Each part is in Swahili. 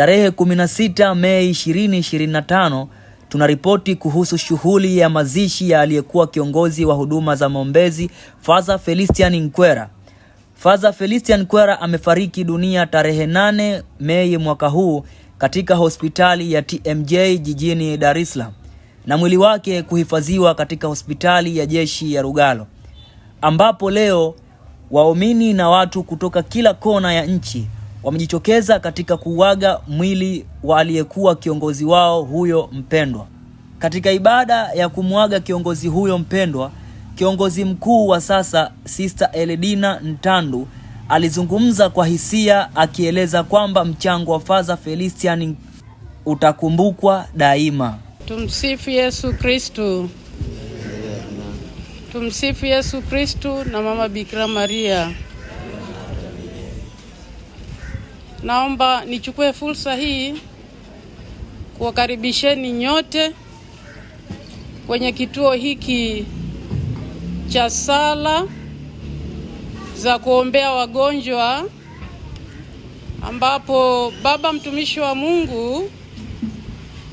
Tarehe 16 Mei 2025 tunaripoti kuhusu shughuli ya mazishi ya aliyekuwa kiongozi wa huduma za maombezi Faza felistian Nkwera. Faza felistian Nkwera amefariki dunia tarehe 8 Mei mwaka huu katika hospitali ya TMJ jijini Dar es Salaam na mwili wake kuhifadhiwa katika hospitali ya jeshi ya Rugalo ambapo leo waumini na watu kutoka kila kona ya nchi wamejitokeza katika kuuaga mwili wa aliyekuwa kiongozi wao huyo mpendwa. Katika ibada ya kumwaga kiongozi huyo mpendwa, kiongozi mkuu wa sasa Sister Eledina Ntandu alizungumza kwa hisia akieleza kwamba mchango wa Father Felician utakumbukwa daima. Tumsifu Yesu Kristu. Tumsifu Yesu Kristu na Mama Bikira Maria. Naomba nichukue fursa hii kuwakaribisheni nyote kwenye kituo hiki cha sala za kuombea wagonjwa ambapo baba mtumishi wa Mungu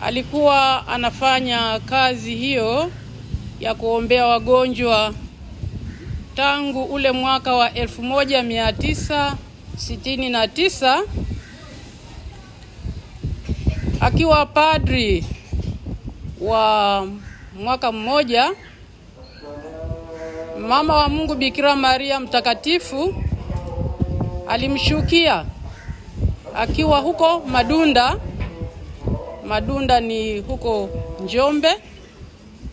alikuwa anafanya kazi hiyo ya kuombea wagonjwa tangu ule mwaka wa elfu moja mia tisa sitini na tisa akiwa padri wa mwaka mmoja, mama wa Mungu Bikira Maria mtakatifu alimshukia akiwa huko Madunda. Madunda ni huko Njombe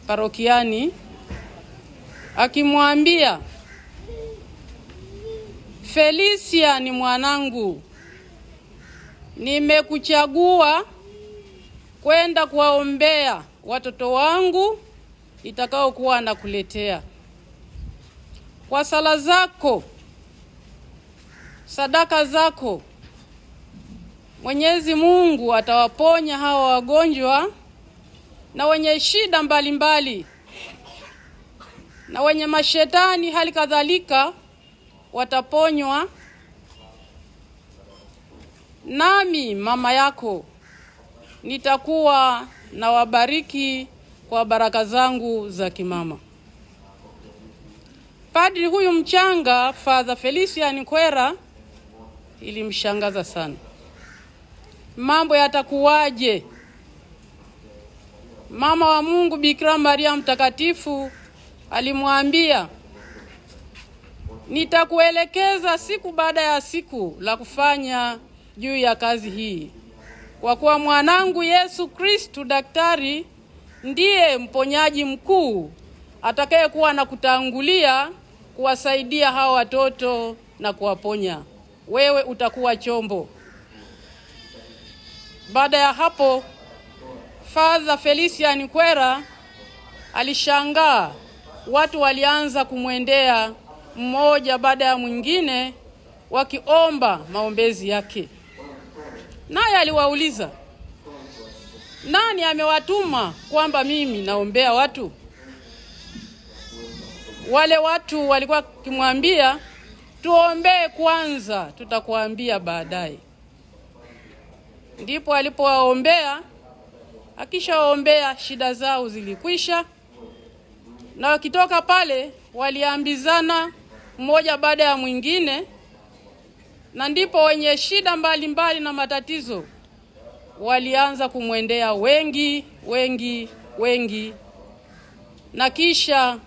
parokiani, akimwambia Felicia ni mwanangu, nimekuchagua kwenda kuwaombea watoto wangu itakaokuwa anakuletea kwa sala zako, sadaka zako, Mwenyezi Mungu atawaponya hawa wagonjwa na wenye shida mbalimbali mbali, na wenye mashetani hali kadhalika wataponywa, nami mama yako nitakuwa na wabariki kwa baraka zangu za kimama. Padri huyu mchanga Father Felician Kwera ilimshangaza sana. Mambo yatakuwaje? Mama wa Mungu Bikira Maria mtakatifu alimwambia nitakuelekeza siku baada ya siku la kufanya juu ya kazi hii, kwa kuwa mwanangu Yesu Kristu daktari ndiye mponyaji mkuu atakayekuwa na kutangulia kuwasaidia hawa watoto na kuwaponya. Wewe utakuwa chombo. Baada ya hapo, Father Felician Kwera alishangaa watu walianza kumwendea mmoja baada ya mwingine wakiomba maombezi yake, naye aliwauliza, nani amewatuma kwamba mimi naombea watu? Wale watu walikuwa wakimwambia, tuombee kwanza, tutakuambia baadaye. Ndipo alipowaombea, akishawaombea shida zao zilikwisha, na wakitoka pale waliambizana mmoja baada ya mwingine, na ndipo wenye shida mbalimbali mbali na matatizo walianza kumwendea wengi wengi wengi, na kisha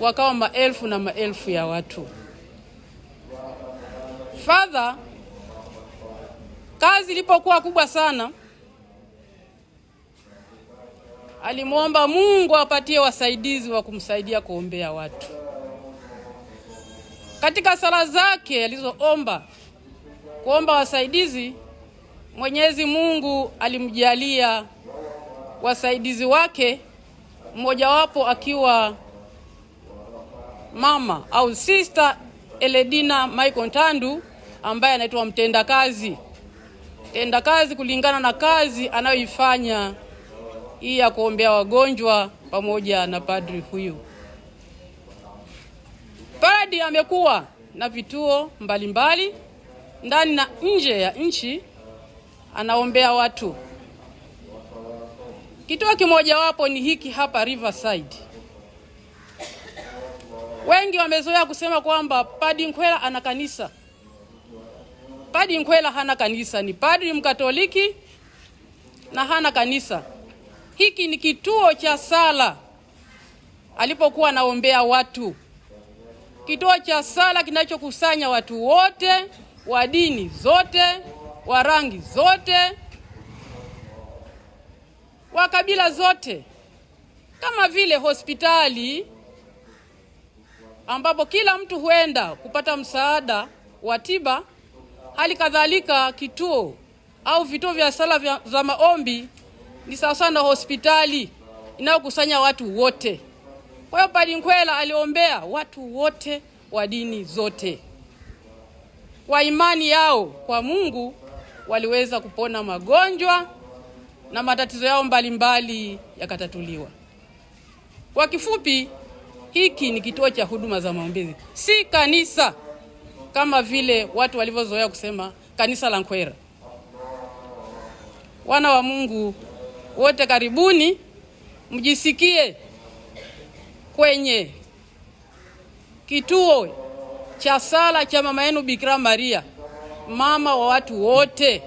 wakawa maelfu na maelfu ya watu. Fadha, kazi ilipokuwa kubwa sana, alimwomba Mungu apatie wasaidizi wa kumsaidia kuombea watu. Katika sala zake alizoomba kuomba wasaidizi, Mwenyezi Mungu alimjalia wasaidizi wake, mmojawapo akiwa mama au sister Eledina Michael Ntandu ambaye anaitwa mtendakazi, mtendakazi kulingana na kazi anayoifanya hii ya kuombea wagonjwa pamoja na padri huyu paradi amekuwa na vituo mbalimbali ndani na nje ya nchi, anaombea watu. Kituo kimojawapo ni hiki hapa Riverside. Wengi wamezoea kusema kwamba Padri Nkwera ana kanisa. Padri Nkwera hana kanisa, ni padri Mkatoliki na hana kanisa. Hiki ni kituo cha sala alipokuwa anaombea watu kituo cha sala kinachokusanya watu wote wa dini zote, wa rangi zote, wa kabila zote, kama vile hospitali ambapo kila mtu huenda kupata msaada wa tiba, hali kadhalika kituo au vituo vya sala vya, za maombi ni sawa na hospitali inayokusanya watu wote. Kwa hiyo Padri Nkwela aliombea watu wote wa dini zote, kwa imani yao kwa Mungu waliweza kupona magonjwa na matatizo yao mbalimbali yakatatuliwa. Kwa kifupi, hiki ni kituo cha huduma za maombezi, si kanisa kama vile watu walivyozoea kusema kanisa la Nkwera. Wana wa Mungu wote, karibuni mjisikie kwenye kituo cha sala cha mama yenu Bikira Maria, mama wa watu wote.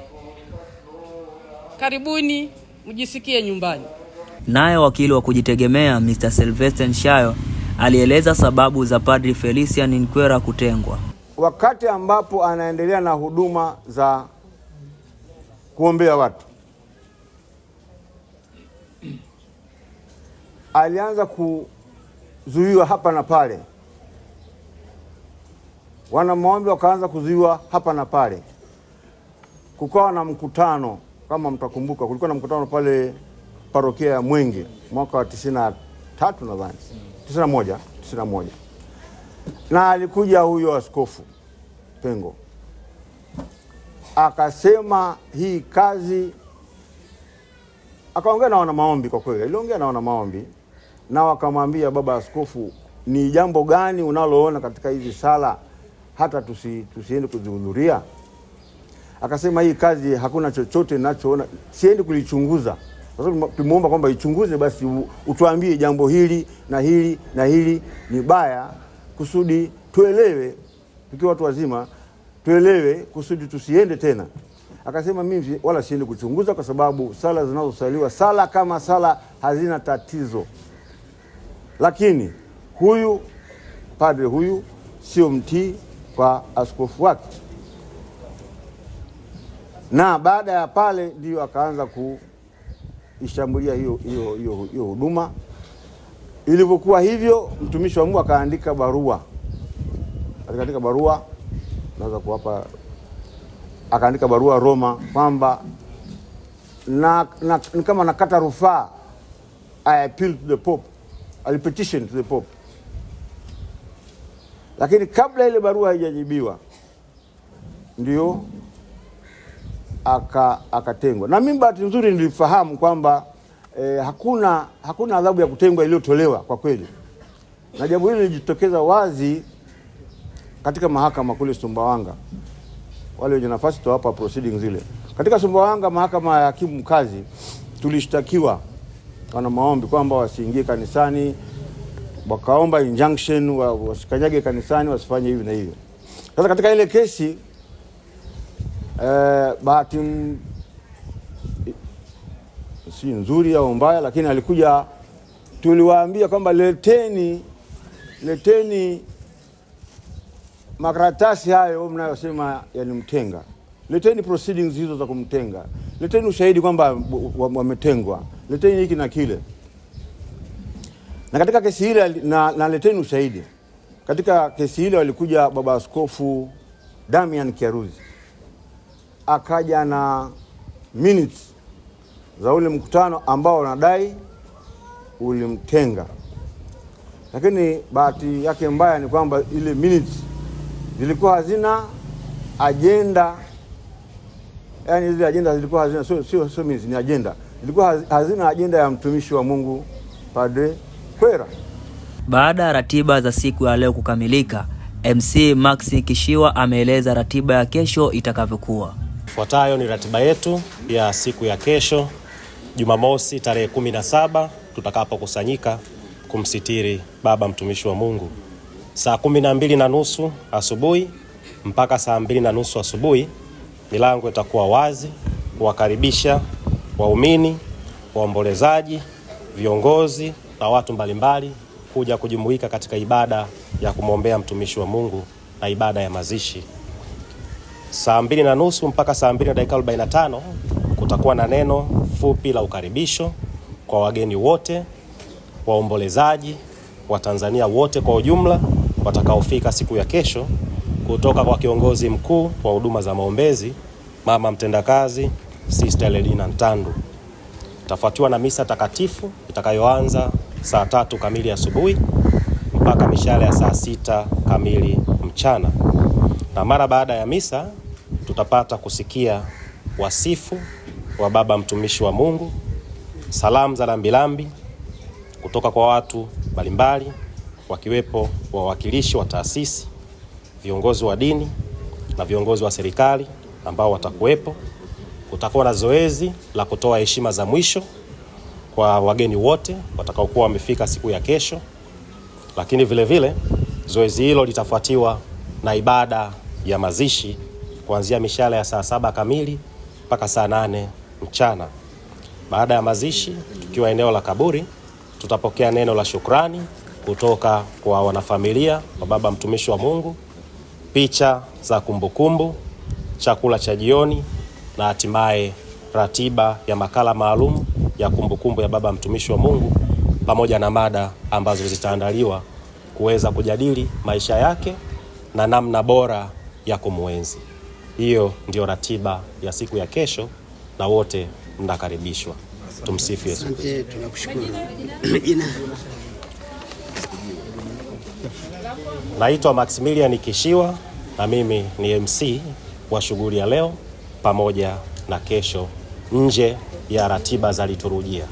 Karibuni mjisikie nyumbani. Naye wakili wa kujitegemea Mr. Sylvester Nshayo alieleza sababu za Padri Felician Nkwera kutengwa wakati ambapo anaendelea na huduma za kuombea watu. Alianza ku kuzuiwa hapa na pale, wana maombi wakaanza kuzuiwa hapa na pale. Kukawa na mkutano, kama mtakumbuka, kulikuwa na mkutano pale parokia ya Mwenge mwaka wa tisini na tatu nadhani tisini na moja tisini na moja na alikuja huyo askofu Pengo akasema hii kazi, akaongea na wana maombi. Kwa kweli aliongea na wana maombi nao akamwambia, baba askofu, ni jambo gani unaloona katika hizi sala hata tusi, tusiende kuzihudhuria? Akasema hii kazi hakuna chochote ninachoona, siendi kulichunguza. Sasa tumeomba kwamba ichunguze basi, utuambie jambo hili na hili na hili ni baya, kusudi tuelewe, tukiwa watu wazima tuelewe, kusudi tusiende tena. Akasema mimi wala siendi kuchunguza, kwa sababu sala zinazosaliwa, sala kama sala hazina tatizo lakini huyu padre huyu sio mtii kwa askofu wake, na baada ya pale ndiyo akaanza kuishambulia hiyo hiyo hiyo hiyo huduma. Ilivyokuwa hivyo, mtumishi wa Mungu akaandika barua, akaandika barua, naweza kuwapa, akaandika barua Roma kwamba na, na, kama nakata rufaa, I appeal to the Pope alipetition to the Pope, lakini kabla ile barua haijajibiwa ndio akatengwa Na mimi bahati nzuri nilifahamu kwamba eh, hakuna hakuna adhabu ya kutengwa iliyotolewa kwa kweli, na jambo hili lilijitokeza wazi katika mahakama kule Sumbawanga. Wale wenye nafasi tawapa proceedings zile katika Sumbawanga, mahakama ya hakimu mkazi tulishtakiwa wana maombi kwamba wasiingie kanisani, wakaomba injunction wa, wasikanyage kanisani, wasifanye hivi na hivyo. Sasa katika ile kesi eh, bahati si nzuri au mbaya, lakini alikuja, tuliwaambia kwamba leteni leteni makaratasi hayo mnayosema yalimtenga, leteni proceedings hizo za kumtenga, leteni ushahidi kwamba wametengwa wa leteni hiki na kile. Na katika kesi ile na, na leteni ushahidi. Katika kesi ile walikuja baba askofu Damian kiaruzi akaja na minutes za ule mkutano ambao wanadai ulimtenga, lakini bahati yake mbaya ni kwamba ile minutes zilikuwa hazina ajenda, yani zile ajenda zilikuwa hazina, sio sio sio minutes, ni ajenda zilikuwa hazina ajenda ya mtumishi wa Mungu Padre Kwera. Baada ya ratiba za siku ya leo kukamilika, MC Max Kishiwa ameeleza ratiba ya kesho itakavyokuwa. Ifuatayo ni ratiba yetu ya siku ya kesho Jumamosi tarehe 17 tutakapokusanyika kumsitiri baba mtumishi wa Mungu saa kumi na mbili na nusu asubuhi mpaka saa mbili na nusu asubuhi, milango itakuwa wazi kuwakaribisha waumini, waombolezaji, viongozi na watu mbalimbali kuja kujumuika katika ibada ya kumwombea mtumishi wa Mungu na ibada ya mazishi. Saa mbili na nusu mpaka saa mbili na dakika tano kutakuwa na neno fupi la ukaribisho kwa wageni wote, waombolezaji, Watanzania wote kwa ujumla watakaofika siku ya kesho, kutoka kwa kiongozi mkuu wa huduma za maombezi, mama mtendakazi Sister Elena Ntandu. Itafuatiwa na misa takatifu itakayoanza saa tatu kamili asubuhi mpaka mishale ya saa sita kamili mchana, na mara baada ya misa tutapata kusikia wasifu wa baba mtumishi wa Mungu, salamu za lambilambi kutoka kwa watu mbalimbali, wakiwepo wawakilishi wa taasisi, viongozi wa dini na viongozi wa serikali ambao watakuwepo. Kutakuwa na zoezi la kutoa heshima za mwisho kwa wageni wote watakaokuwa wamefika siku ya kesho, lakini vile vile zoezi hilo litafuatiwa na ibada ya mazishi kuanzia mishale ya saa saba kamili mpaka saa nane mchana. Baada ya mazishi, tukiwa eneo la kaburi, tutapokea neno la shukrani kutoka kwa wanafamilia wa baba mtumishi wa Mungu, picha za kumbukumbu, chakula cha jioni na hatimaye ratiba ya makala maalum ya kumbukumbu kumbu ya baba mtumishi wa Mungu pamoja na mada ambazo zitaandaliwa kuweza kujadili maisha yake na namna bora ya kumwenzi. Hiyo ndiyo ratiba ya siku ya kesho na wote mnakaribishwa. Tumsifu Yesu. Naitwa Maximilian Kishiwa na mimi ni MC wa shughuli ya leo pamoja na kesho nje ya ratiba za liturujia.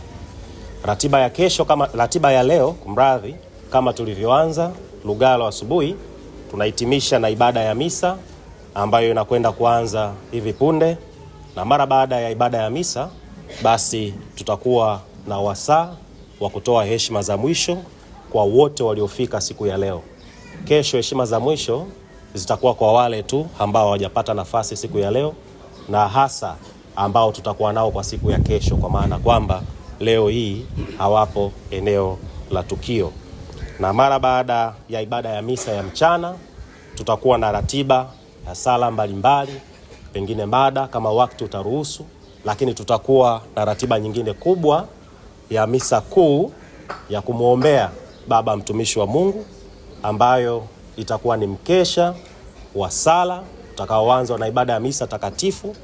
Ratiba ya kesho kama ratiba ya leo, kumradhi, kama tulivyoanza Lugalo asubuhi, tunahitimisha na ibada ya misa ambayo inakwenda kuanza hivi punde, na mara baada ya ibada ya misa basi tutakuwa na wasaa wa kutoa heshima za mwisho kwa wote waliofika siku ya leo. Kesho heshima za mwisho zitakuwa kwa wale tu ambao hawajapata nafasi siku ya leo na hasa ambao tutakuwa nao kwa siku ya kesho, kwa maana kwamba leo hii hawapo eneo la tukio, na mara baada ya ibada ya misa ya mchana tutakuwa na ratiba ya sala mbalimbali mbali, pengine mada kama wakati utaruhusu, lakini tutakuwa na ratiba nyingine kubwa ya misa kuu ya kumwombea baba mtumishi wa Mungu ambayo itakuwa ni mkesha wa sala utakaoanzwa na ibada ya misa takatifu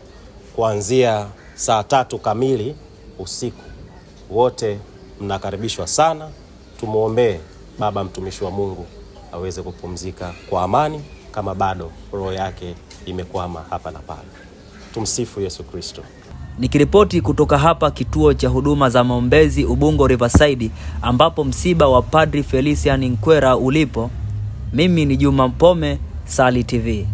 kuanzia saa tatu kamili usiku. Wote mnakaribishwa sana. Tumwombee baba mtumishi wa Mungu aweze kupumzika kwa amani, kama bado roho yake imekwama hapa na pale. Tumsifu Yesu Kristo. Nikiripoti kutoka hapa kituo cha huduma za maombezi Ubungo Riverside, ambapo msiba wa Padri Felician Nkwera ulipo, mimi ni Juma Mpome, Sali TV.